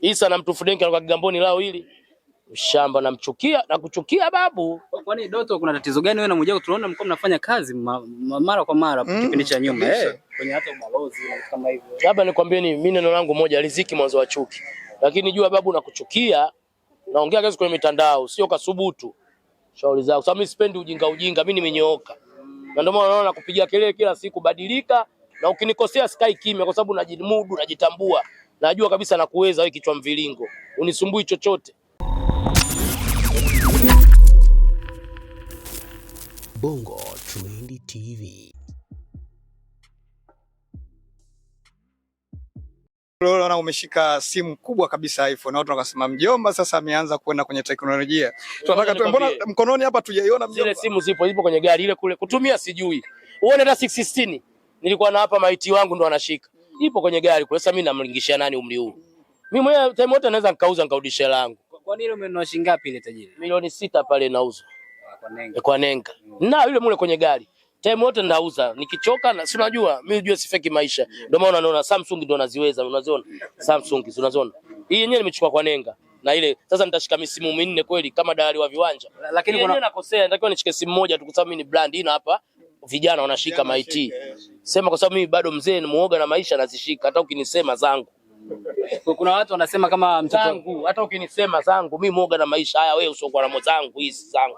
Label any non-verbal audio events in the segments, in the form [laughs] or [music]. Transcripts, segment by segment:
Isa na mtu Fudenki anakuwa Kigamboni lao hili shamba, namchukia na kuchukia babu. Kwa nini Doto, kuna tatizo gani wewe na Mwijaku? Tunaona mko mnafanya kazi ma, ma, mara kwa mara mm, kipindi cha nyuma eh, kwenye hata ubalozi na kama hivyo. Labda nikwambie ni mimi neno langu moja, riziki mwanzo wa chuki, lakini jua babu, nakuchukia. Naongea kazi kwenye mitandao, sio kasubutu shauri zako. Sasa mimi sipendi ujinga ujinga, mimi nimenyooka, na ndio maana naona kupigia kelele kila siku, badilika na ukinikosea sikai kimya, kwa sababu najimudu, najitambua, najua kabisa nakuweza wewe, kichwa mviringo, unisumbui chochote. Bongo Trend TV. Naona umeshika simu kubwa kabisa iPhone, watu wakasema mjomba sasa ameanza kwenda kwenye teknolojia. Tunataka tu, mbona mkononi hapa tujaiona mjomba? Zile simu zipo, zipo kwenye gari ile kule, kutumia sijui, uone hata 616 nilikuwa na hapa maiti wangu ndo anashika. Ipo kwenye gari kule. Sasa mimi namlingishia nani umri huu? Mimi mwenyewe time wote naweza nikauza nikarudisha langu. Kwa nini umenunua shilingi ngapi ile tajiri? Milioni sita pale nauza. Ah, kwa nenga. Eh, kwa nenga. Mm. Na yule mule kwenye gari. Time wote ndauza. Nikichoka na si unajua mimi unajua sifeki maisha. Ndio maana unaona Samsung ndio naziweza, unaziona? Samsung si unaziona? Hii yenyewe nimechukua kwa nenga na ile sasa nitashika misimu minne kweli kama dalali wa viwanja. Lakini kuna nakosea, natakiwa nishike simu moja tu kwa sababu mimi ni brand hii na hapa vijana wanashika maiti. Eh. Sema kwa sababu mimi bado mzee ni muoga na maisha nazishika, hata ukinisema zangu kuna watu wanasema kama mtangu, hata ukinisema zangu mimi muoga na maisha haya, wewe usiokuwa na mozangu hizi zangu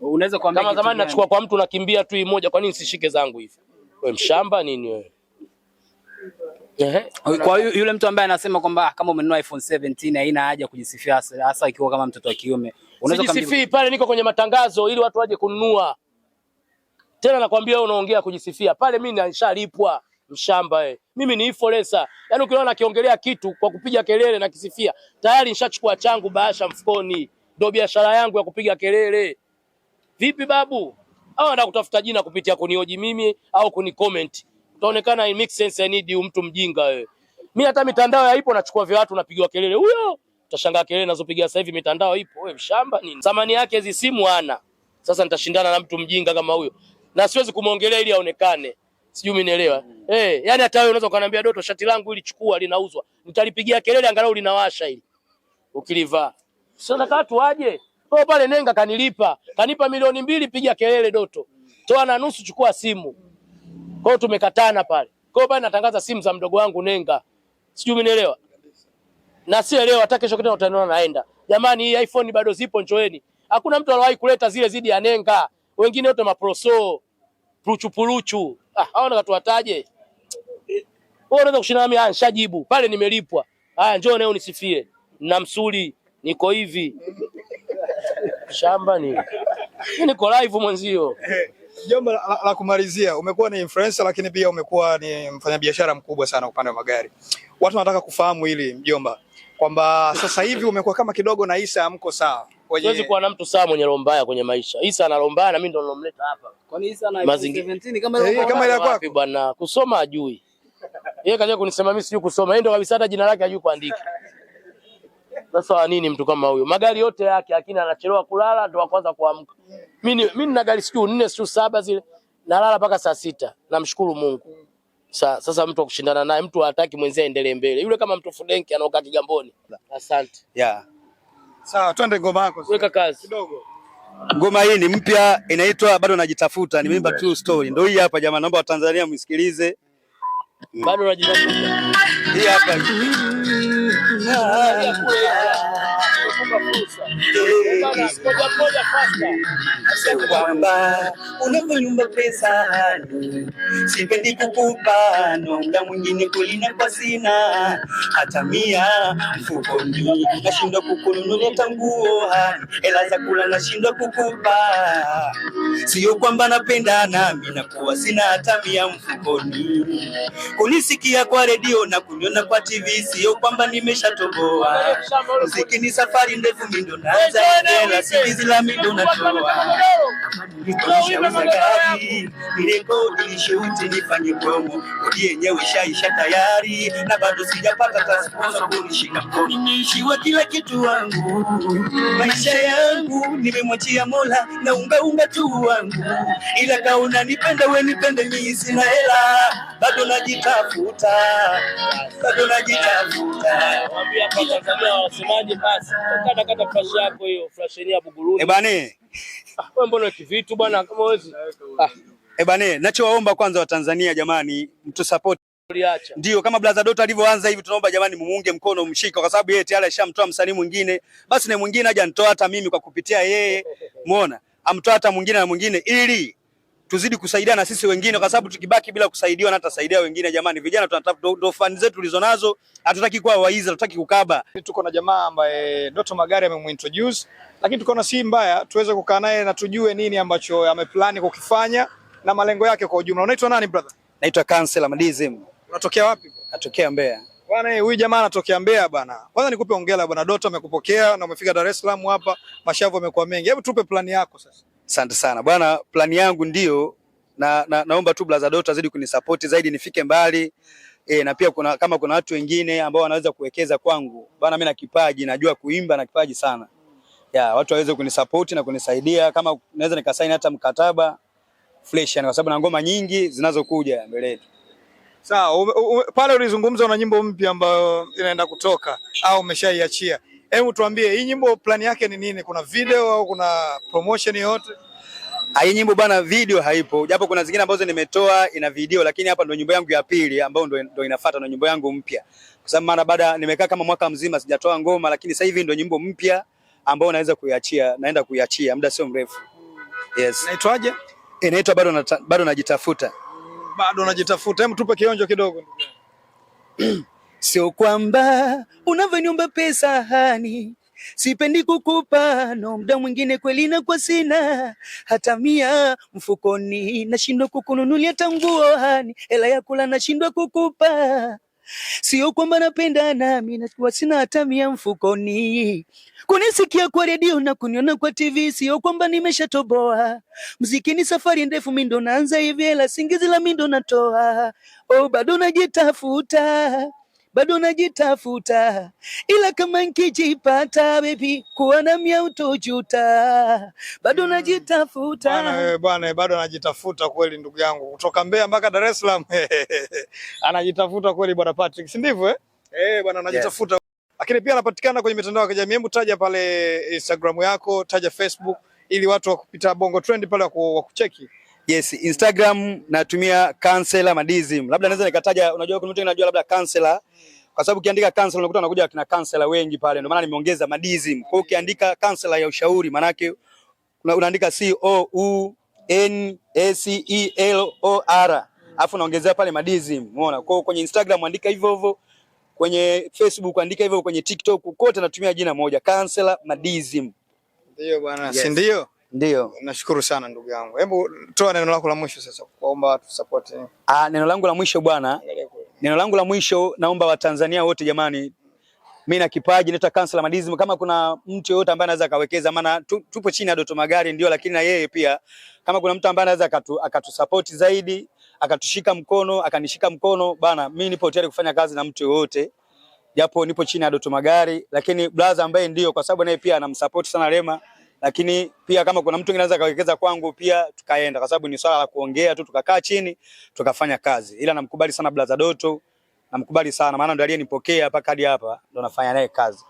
unaweza kuambia kama zamani nachukua kwa mtu nakimbia tu hii moja, kwa nini sishike zangu hivi? Wewe mshamba nini wewe? Ehe, kwa yule mtu ambaye anasema kwamba ah, kama umenunua iPhone 17 haina haja kujisifia, hasa ikiwa kama mtoto wa kiume. Unaweza kujisifia pale, niko kwenye matangazo ili watu waje kununua. Tena nakwambia wewe unaongea kujisifia. Pale mimi nishalipwa mshamba eh. Mimi ni ifolesa. Yaani ukiona nakiongelea kitu kwa kupiga kelele na kisifia, tayari nishachukua changu bahasha mfukoni. Ndio biashara yangu ya kupiga kelele. Vipi babu? Au anataka kutafuta jina kupitia kunioji mimi au kunicomment. Utaonekana i make sense I need mtu mjinga wewe. Eh. Mimi hata mitandao ya ipo nachukua vya watu napigiwa kelele. Huyo utashangaa kelele nazopigia sasa hivi mitandao ipo. Wewe mshamba nini? Thamani yake hizi simu ana. Sasa nitashindana na mtu mjinga kama huyo na siwezi kumwongelea ili aonekane, sijui umenielewa mm. Eh, hey, yani hata wewe unaweza ukaniambia Doto, shati langu ili chukua, linauzwa, nitalipigia kelele angalau linawasha hili ukilivaa. Sasa nataka tuaje? Kwa pale nenga kanilipa, kanipa milioni mbili, piga kelele Doto, toa na nusu, chukua simu. Kwa hiyo tumekatana pale. Kwa hiyo natangaza simu za mdogo wangu nenga, sijui umenielewa na sielewa hata kesho kitana utaniona naenda. Jamani, hii iPhone bado zipo, njoeni. Hakuna mtu aliwahi kuleta zile zidi ya nenga wengine wote maproso puluchupuluchu. Ah, hao ndo Wewe unaweza kushinda nami? Ah, nishajibu pale, nimelipwa. Haya, njoo leo nisifie na msuli, niko hivi shamba ni niko live mwanzio. Jambo la, la kumalizia, umekuwa ni influencer lakini pia umekuwa ni mfanyabiashara mkubwa sana upande wa magari. Watu wanataka kufahamu hili mjomba, kwamba sasa hivi umekuwa kama kidogo na Isa amko sawa kwenye Siwezi kuwa na mtu saa mwenye roho mbaya kwenye maisha. Isa ana roho mbaya na mimi ndo nilomleta hapa. Kwa nini Isa ana 17 kama ile eh, kama ile kwako? Bwana kusoma ajui. Yeye kaja kunisema mimi sijui kusoma. Yeye ndo kabisa hata jina lake hajui kuandika. Sasa nini mtu kama huyo? Magari yote yake lakini anachelewa kulala ndo kwanza kuamka. Mimi mimi nina gari siku 4 siku 7 zile. Nalala mpaka saa sita. Namshukuru Mungu. Sa, sasa mtu akushindana naye, mtu hataki mwenzie aendelee mbele. Yule kama mtu Fudenki anaokaa Kigamboni. Asante. Yeah. Sawa, twende ngoma yako. Weka kazi kidogo. Ngoma hii ni mpya, inaitwa bado najitafuta, nimeimba true story. Ndio hii hapa jamaa, naomba Watanzania msikilize. Bado najitafuta. Hii hapa kwamba nyumba pesa sipendi kukupa na muda mwingine kulina kwa sina hata mia mfukoni, nashindwa kukununulia tanguo, hela za kula nashindwa kukupa Sio kwamba napenda nami na kuwa sina hata mia mfukoni. Kunisikia kwa redio na kuniona kwa TV, sio kwamba nimeshatoboa. Muziki ni safari ndefu, mindo ndo naanza tena, sikizi la mimi ndo natoa. Nikushauza gari, nirekodi, nishuti, nifanye promo, kodi yenyewe ishaisha tayari na bado sijapata tasponsa kunishika mkono. Nimeishiwa kila kitu wangu, maisha yangu nimemwachia Mola na unga unga tuwa wangu, ila kauna nipende we nipende, mimi sina hela, bado najitafuta, bado najitafuta. Wasemaje? Basi kata kata flash yako hiyo, flash ya Buguruni ebane. Eh, ah, wewe mbona kivitu bwana, kama wezi ah. ebane. Eh, nachowaomba kwanza Watanzania jamani, mtusupport ndio kama brother Doto alivyoanza hivi, tunaomba jamani, mumunge mkono, mshike, kwa sababu yeye tayari ashamtoa msanii mwingine, basi na mwingine aje antoa hata mimi kwa kupitia yeye, muona amtata mwingine na mwingine, ili tuzidi kusaidia na sisi wengine, kwa sababu tukibaki bila kusaidiwa na tutasaidia wengine. Jamani, vijana tunatafuta ndo fani zetu tulizonazo, hatutaki kuwa waizi, hatutaki kukaba. Tuko na jamaa ambaye Doto Magari amemuintroduce, lakini tukaona si mbaya tuweze kukaa naye na tujue nini ambacho ameplani kukifanya na malengo yake kwa ujumla. Unaitwa nani brother? Naitwa Kansela Madizim. Unatokea wapi? Natokea Mbeya. Bwana eh, huyu jamaa anatokea Mbeya bwana. Kwanza nikupe hongera bwana Doto amekupokea na umefika Dar es Salaam hapa. Mashavu yamekuwa mengi. Hebu tupe plani yako sasa. Asante sana. Bwana plani yangu ndio na, na naomba tu brother Doto azidi kunisupport zaidi nifike mbali. E, na pia kuna, kama kuna watu wengine ambao wanaweza kuwekeza kwangu. Bwana mimi na kipaji najua kuimba na kipaji sana. Ya, watu waweze kunisupport na kunisaidia kama naweza nikasaini hata mkataba fresh yani kwa sababu na ngoma nyingi zinazokuja mbele yetu. Sawa, pale ulizungumza una nyimbo mpya ambayo inaenda kutoka au umeshaiachia. Hebu tuambie hii nyimbo plani yake ni nini? Kuna video au kuna promotion yoyote? Ah, hii nyimbo bana, video haipo, japo kuna zingine ambazo nimetoa ina video, lakini hapa ndo nyimbo yangu ya pili ambayo ndo, ndo inafuata na nyimbo yangu mpya, kwa sababu mara baada nimekaa kama mwaka mzima sijatoa ngoma, lakini sasa hivi ndo nyimbo mpya ambayo naweza kuiachia, naenda kuiachia muda sio mrefu. Yes. Inaitwaje? Inaitwa bado, bado najitafuta bado unajitafuta. Hebu tupe kionjo kidogo. [clears throat] Sio kwamba unavyoniomba pesa hani sipendi kukupa no, mda mwingine kweli na kwa sina hata mia mfukoni, nashindwa kukununulia tanguo hani, hela ya kula nashindwa kukupa Sio kwamba napenda nami nakuwa sina hata mia mfukoni, kunisikia kwa redio na kuniona kwa TV. Sio kwamba nimeshatoboa ni safari ndefu, mi ndo naanza hivi, hela singizi la mindo ndo natoa. Oh, bado najitafuta bado najitafuta, ila kama nkijipata bebi, kuwa na mia utojuta. Bado najitafuta bwana, bwana bado anajitafuta kweli, ndugu yangu, kutoka Mbeya mpaka Dar es Salaam [laughs] anajitafuta kweli bwana Patrick, si ndivyo eh? Eh bwana anajitafuta yes. Lakini pia anapatikana kwenye mitandao ya kijamii. Hebu taja pale Instagram yako, taja Facebook ili watu wakupita Bongo Trend pale wakucheki. Yes, Instagram natumia Kansela Madizim. Labda naweza nikataja, unajua kuna mtu anajua labda Kansela kwa sababu ukiandika Kansela unakuta wanakuja kina Kansela wengi pale, ndio maana nimeongeza Madizim. Kwa hiyo ukiandika Kansela ya ushauri maana yake unaandika C O U N S E L O R alafu naongezea pale Madizim. Umeona? Kwa hiyo kwenye Instagram andika hivyo hivyo, kwenye Facebook andika hivyo, kwenye TikTok kote natumia jina moja Kansela Madizim. Ndio bwana, Yes. si ndio? Ndio. Nashukuru sana ndugu yangu. Hebu toa neno lako la mwisho sasa kuomba tu support. Ah, neno langu la mwisho bwana. Neno langu la mwisho naomba Watanzania wote jamani, mimi na kipaji naitwa Counselor Madizimu, Kama kuna mtu yoyote ambaye anaweza akawekeza, maana tupo chini ya Doto Magari ndio, lakini na yeye pia, kama kuna mtu ambaye anaweza akatu, akatusapoti zaidi akatushika mkono akanishika mkono bana, mimi nipo tayari kufanya kazi na mtu yoyote, japo nipo chini ya Doto Magari, lakini brother ambaye ndio, kwa sababu naye pia anamsupport sana Rema lakini pia kama kuna mtu mwingine anaweza kawekeza kwangu pia tukaenda, kwa sababu ni swala la kuongea tu, tukakaa chini tukafanya kazi. Ila namkubali sana Blaza Doto, namkubali sana maana ndo aliyenipokea mpaka hadi hapa, ndo nafanya naye kazi.